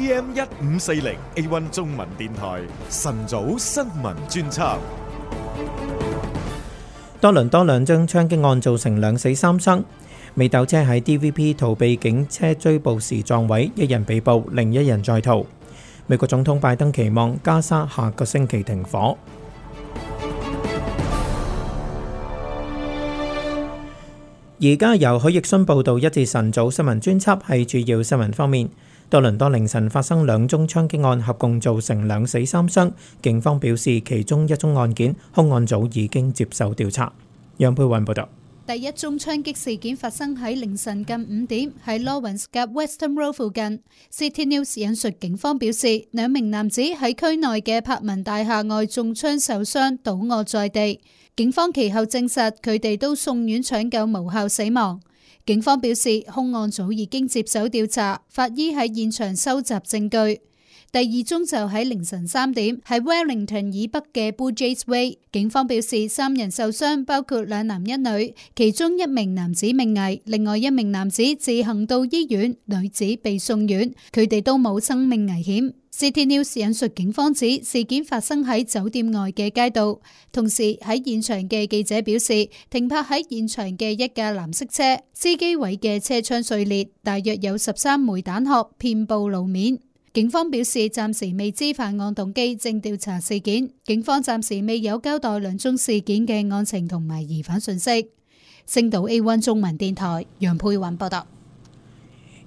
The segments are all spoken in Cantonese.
AM 一五四零 A One 中文電台晨早新聞專輯。多倫多兩宗槍擊案造成兩死三傷，未鬥車喺 DVP 逃避警車追捕時撞毀，一人被捕，另一人在逃。美國總統拜登期望加沙下個星期停火。而家由許奕迅報道，一至晨早新聞專輯係主要新聞方面。多倫多凌晨發生兩宗槍擊案，合共造成兩死三傷。警方表示，其中一宗案件兇案組已經接受調查。楊佩雲報導。第一宗槍擊事件發生喺凌晨近五點，喺 Lawrence 夾 Western Road 附近。City News 引述警方表示，兩名男子喺區內嘅柏文大廈外中槍受傷，倒卧在地。警方其後證實，佢哋都送院搶救無效死亡。警方表示，兇案組已經接手調查，法醫喺現場收集證據。第二宗就喺凌晨三點，喺 Wellington 以北嘅 Boujays Way。警方表示，三人受傷，包括兩男一女，其中一名男子命危，另外一名男子自行到醫院，女子被送院，佢哋都冇生命危險。City News 引述警方指，事件發生喺酒店外嘅街道。同時喺現場嘅記者表示，停泊喺現場嘅一架藍色車，司機位嘅車窗碎裂，大約有十三枚彈殼遍布路面。警方表示，暫時未知犯案動機，正調查事件。警方暫時未有交代兩宗事件嘅案情同埋疑犯信息。星島 A1 中文電台楊佩韻報道。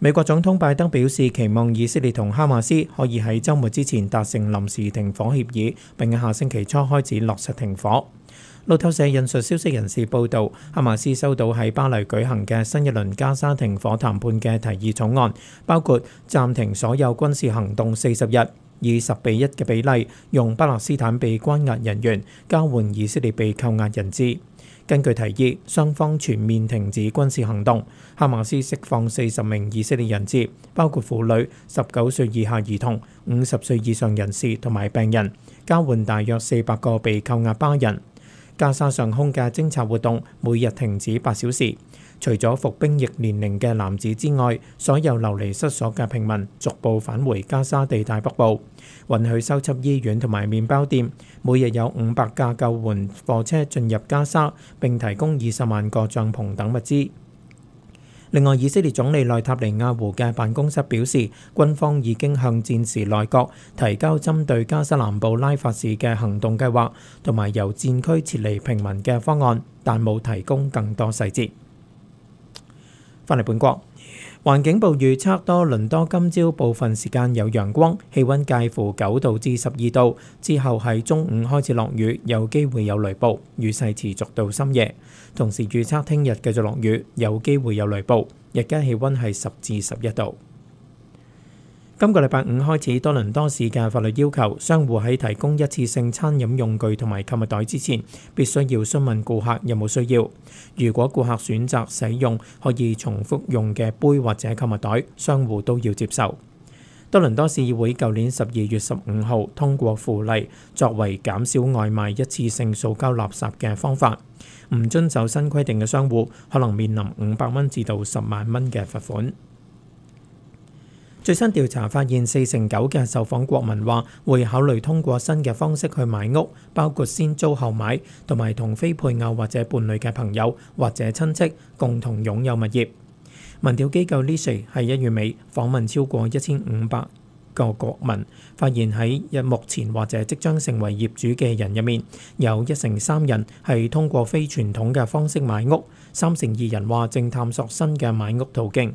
美國總統拜登表示期望以色列同哈馬斯可以喺週末之前達成臨時停火協議，並喺下星期初開始落實停火。路透社引述消息人士報道，哈馬斯收到喺巴黎舉行嘅新一輪加沙停火談判嘅提議草案，包括暫停所有軍事行動四十日。以十比一嘅比例，用巴勒斯坦被關押人員交換以色列被扣押人質。根據提議，雙方全面停止軍事行動。哈馬斯釋放四十名以色列人質，包括婦女、十九歲以下兒童、五十歲以上人士同埋病人，交換大約四百個被扣押巴人。加沙上空嘅偵察活動，每日停止八小時。除咗服兵役年齡嘅男子之外，所有流離失所嘅平民逐步返回加沙地帶北部，允許修葺醫院同埋麵包店。每日有五百架救援貨車進入加沙，並提供二十萬個帳篷等物資。另外，以色列總理內塔尼亞胡嘅辦公室表示，軍方已經向戰時內閣提交針對加沙南部拉法市嘅行動計劃同埋由戰區撤離平民嘅方案，但冇提供更多細節。返嚟本國，環境部預測多倫多今朝部分時間有陽光，氣温介乎九度至十二度。之後喺中午開始落雨，有機會有雷暴，雨勢持續到深夜。同時預測聽日繼續落雨，有機會有雷暴，日間氣温係十至十一度。今個禮拜五開始，多倫多市嘅法律要求商戶喺提供一次性餐飲用具同埋購物袋之前，必須要詢問顧客有冇需要。如果顧客選擇使用可以重複用嘅杯或者購物袋，商戶都要接受。多倫多市議會舊年十二月十五號通過附例作為減少外賣一次性塑膠垃圾嘅方法。唔遵守新規定嘅商戶可能面臨五百蚊至到十萬蚊嘅罰款。最新調查發現，四成九嘅受訪國民話會考慮通過新嘅方式去買屋，包括先租後買，同埋同非配偶或者伴侶嘅朋友或者親戚共同擁有物業。民調機構 Lissy 喺一月尾訪問超過一千五百個國民，發現喺日目前或者即將成為業主嘅人入面，有一成三人係通過非傳統嘅方式買屋，三成二人話正探索新嘅買屋途徑。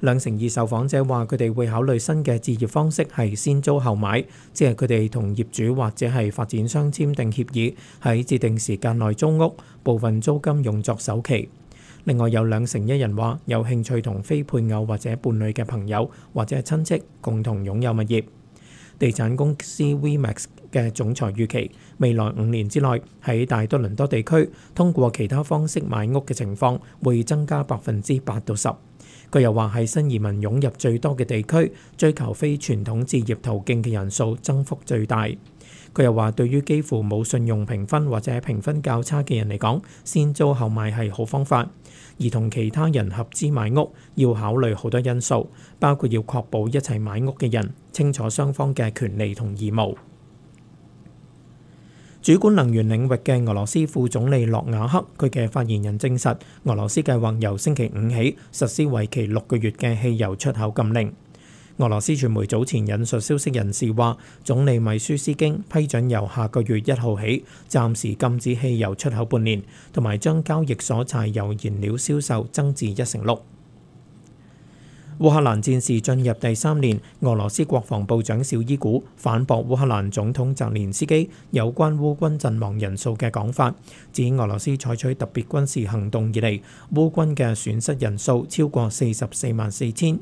兩成二受訪者話：佢哋會考慮新嘅置業方式，係先租後買，即係佢哋同業主或者係發展商簽訂協議，喺設定時間內租屋，部分租金用作首期。另外有兩成一人話有興趣同非配偶或者伴侶嘅朋友或者親戚共同擁有物業。地產公司 VMAX 嘅總裁預期未來五年之內喺大多倫多地區通過其他方式買屋嘅情況會增加百分之八到十。佢又話係新移民湧入最多嘅地區，追求非傳統置業途徑嘅人數增幅最大。佢又話，對於幾乎冇信用評分或者評分較差嘅人嚟講，先租後買係好方法，而同其他人合資買屋要考慮好多因素，包括要確保一齊買屋嘅人清楚雙方嘅權利同義務。主管能源領域嘅俄羅斯副總理諾瓦克，佢嘅發言人證實，俄羅斯計劃由星期五起實施為期六個月嘅汽油出口禁令。俄羅斯傳媒早前引述消息人士話，總理米舒斯京批准由下個月一號起暫時禁止汽油出口半年，同埋將交易所柴油燃料銷售增至一成六。烏克蘭戰事進入第三年，俄羅斯國防部長紹伊古反駁烏克蘭總統澤連斯基有關烏軍陣亡人數嘅講法，指俄羅斯採取特別軍事行動以嚟，烏軍嘅損失人數超過四十四萬四千。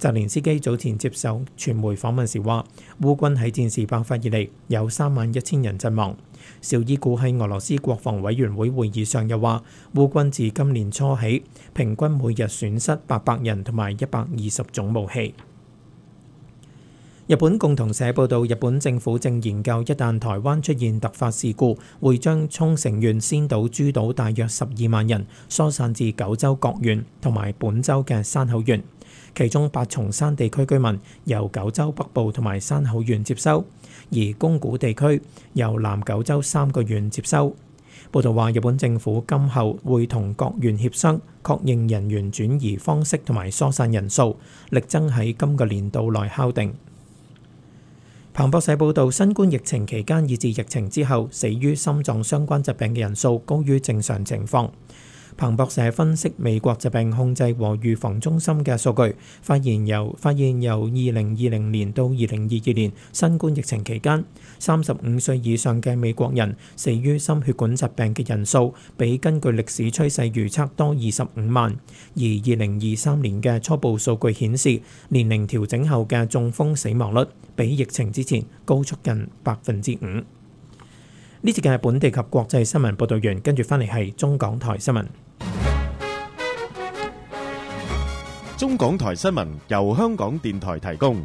澤連斯基早前接受傳媒訪問時話，烏軍喺戰事爆發以嚟，有三萬一千人陣亡。邵伊古喺俄羅斯國防委員會會議上又話，烏軍自今年初起平均每日損失八百人同埋一百二十種武器。日本共同社報道，日本政府正研究一旦台灣出現突發事故，會將沖繩縣先島諸島大約十二萬人疏散至九州各縣同埋本州嘅山口縣。其中八重山地區居民由九州北部同埋山口縣接收，而宮古地區由南九州三個縣接收。報道話，日本政府今後會同各縣協商，確認人員轉移方式同埋疏散人數，力爭喺今個年度內敲定。彭博社報導，新冠疫情期間以至疫情之後，死於心臟相關疾病嘅人數高於正常情況。彭博社分析美國疾病控制和預防中心嘅數據，發現由發現由二零二零年到二零二二年新冠疫情期間，三十五歲以上嘅美國人死於心血管疾病嘅人數比根據歷史趨勢預測多二十五萬。而二零二三年嘅初步數據顯示，年齡調整後嘅中風死亡率比疫情之前高出近百分之五。呢次嘅係本地及國際新聞報道員，跟住翻嚟係中港台新聞。中港台新聞由香港電台提供。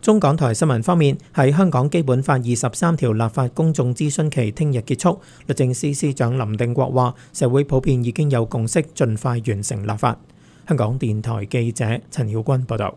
中港台新聞方面，喺香港基本法二十三條立法公眾諮詢期聽日結束，律政司司長林定國話，社會普遍已經有共識，盡快完成立法。香港電台記者陳曉君報道。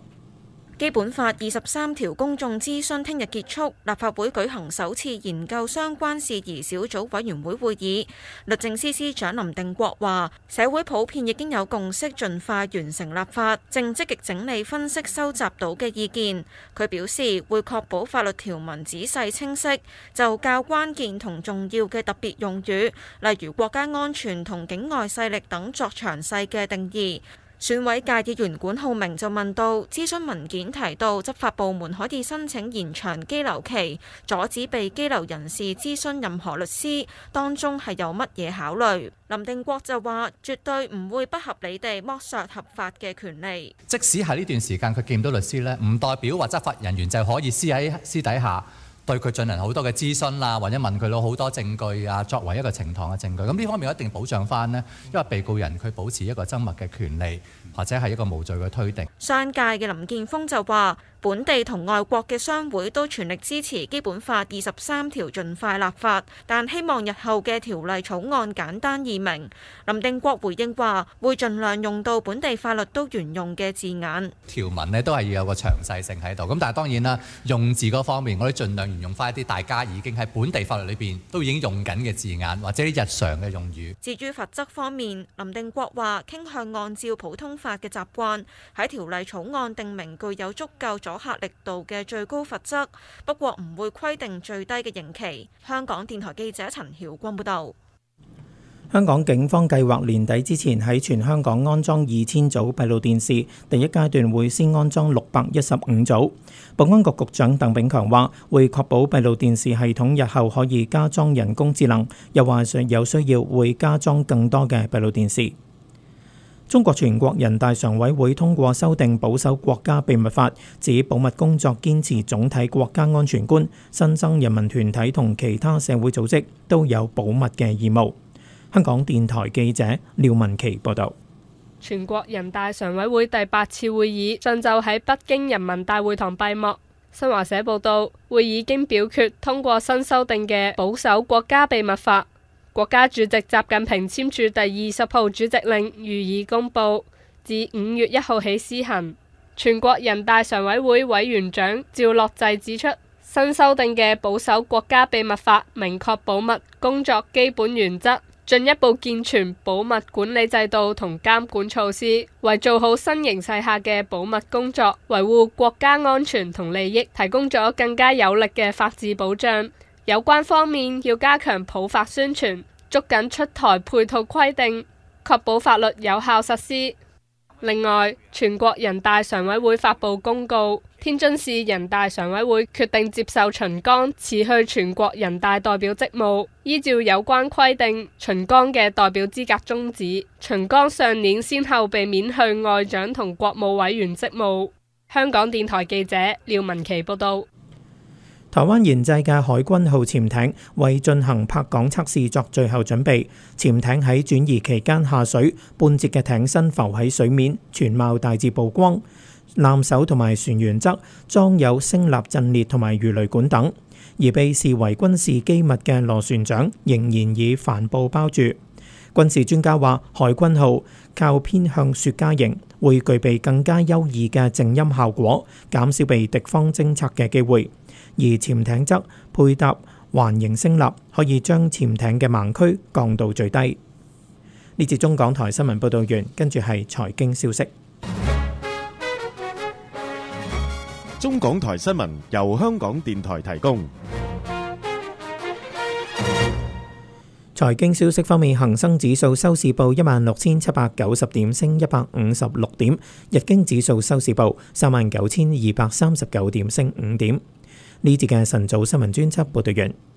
基本法二十三條公眾諮詢聽日結束，立法會舉行首次研究相關事宜小組委員會會議。律政司司長林定國話：社會普遍已經有共識，盡快完成立法，正積極整理分析收集到嘅意見。佢表示會確保法律條文仔細清晰，就較關鍵同重要嘅特別用語，例如國家安全同境外勢力等，作詳細嘅定義。選委界議員管浩明就問到：諮詢文件提到執法部門可以申請延長羈留期，阻止被羈留人士諮詢任何律師，當中係有乜嘢考慮？林定國就話：絕對唔會不合理地剝削合法嘅權利。即使係呢段時間佢見唔到律師呢，唔代表或執法人員就可以私喺私底下。對佢進行好多嘅諮詢啦，或者問佢攞好多證據啊，作為一個呈堂嘅證據。咁呢方面一定保障翻呢？因為被告人佢保持一個緘默嘅權利，或者係一個無罪嘅推定。商界嘅林建峰就話。本地同外國嘅商會都全力支持《基本法》二十三條盡快立法，但希望日後嘅條例草案簡單易明。林定國回應話，會盡量用到本地法律都沿用嘅字眼。條文咧都係要有個詳細性喺度，咁但係當然啦，用字嗰方面，我都盡量沿用翻一啲大家已經喺本地法律裏邊都已經用緊嘅字眼，或者日常嘅用語。至於罰則方面，林定國話傾向按照普通法嘅習慣喺條例草案定明具有足夠阻嚇力度嘅最高罰則，不過唔會規定最低嘅刑期。香港電台記者陳曉君報道。香港警方計劃年底之前喺全香港安裝二千組閉路電視，第一階段會先安裝六百一十五組。保安局局長鄧炳強話，會確保閉路電視系統日後可以加裝人工智能，又話說有需要會加裝更多嘅閉路電視。中國全國人大常委會通過修訂《保守國家秘密法》，指保密工作堅持總體國家安全觀，新增人民團體同其他社會組織都有保密嘅義務。香港電台記者廖文琪報道，全國人大常委會第八次會議上晝喺北京人民大會堂閉幕。新華社報道，會議經表決通過新修訂嘅《保守國家秘密法》。國家主席習近平簽署第二十號主席令，予以公布，自五月一號起施行。全國人大常委會委員長趙樂際指出，新修訂嘅《保守國家秘密法》，明確保密工作基本原則，進一步健全保密管理制度同監管措施，為做好新形勢下嘅保密工作，維護國家安全同利益，提供咗更加有力嘅法治保障。有關方面要加強普法宣傳，捉緊出台配套規定，確保法律有效實施。另外，全國人大常委會發布公告，天津市人大常委會決定接受秦剛辭去全國人大代表職務，依照有關規定，秦剛嘅代表資格終止。秦剛上年先後被免去外長同國務委員職務。香港電台記者廖文琪報道。台灣研製嘅海軍號潛艇為進行泊港測試作最後準備，潛艇喺轉移期間下水，半截嘅艇身浮喺水面，全貌大致曝光。艦首同埋船員則裝有聲納陣列同埋魚雷管等，而被視為軍事機密嘅螺旋槳仍然以帆布包住。軍事專家話，海軍號較偏向雪茄型，會具備更加優異嘅靜音效果，減少被敵方偵測嘅機會。而潛艇則配搭環形升立，可以將潛艇嘅盲區降到最低。呢節中港台新聞報導完，跟住係財經消息。中港台新聞由香港電台提供。財經消息方面，恆生指數收市報一萬六千七百九十點，升一百五十六點；日經指數收市報三萬九千二百三十九點，升五點。呢節嘅晨早新聞專輯播讀完。